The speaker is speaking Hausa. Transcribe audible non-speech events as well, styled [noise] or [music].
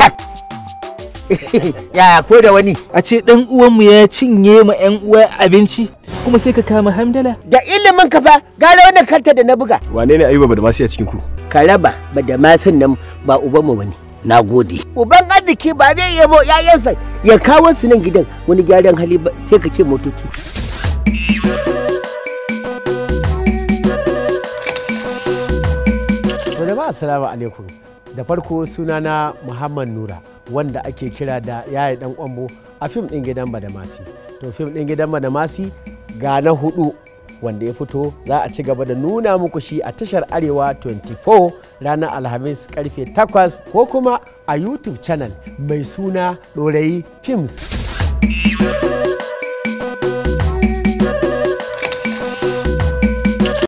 cat [laughs] yaya ko da wani a ce dan uwanmu ya cinye ma yan uwa abinci kuma sai ka kama hamdala da ilimin ka fa gara wannan karta da na buga wane ne ayuba badamasi a cikin ku karaba badamasin nan ba uban mu bane Nagode. uban arziki ba zai yabo yayansa ya kawo su nan gidan wani gyaran hali ba sai ka ce motoci Assalamu alaikum. da farko sunana muhammad nura wanda ake kira da yaya dan kwambo a fim din gidan badamasi to fim din gidan badamasi ga na hudu wanda ya fito za a ci gaba da nuna muku shi a tashar arewa 24 ranar alhamis karfe 8 ko kuma a youtube channel mai suna dorayi films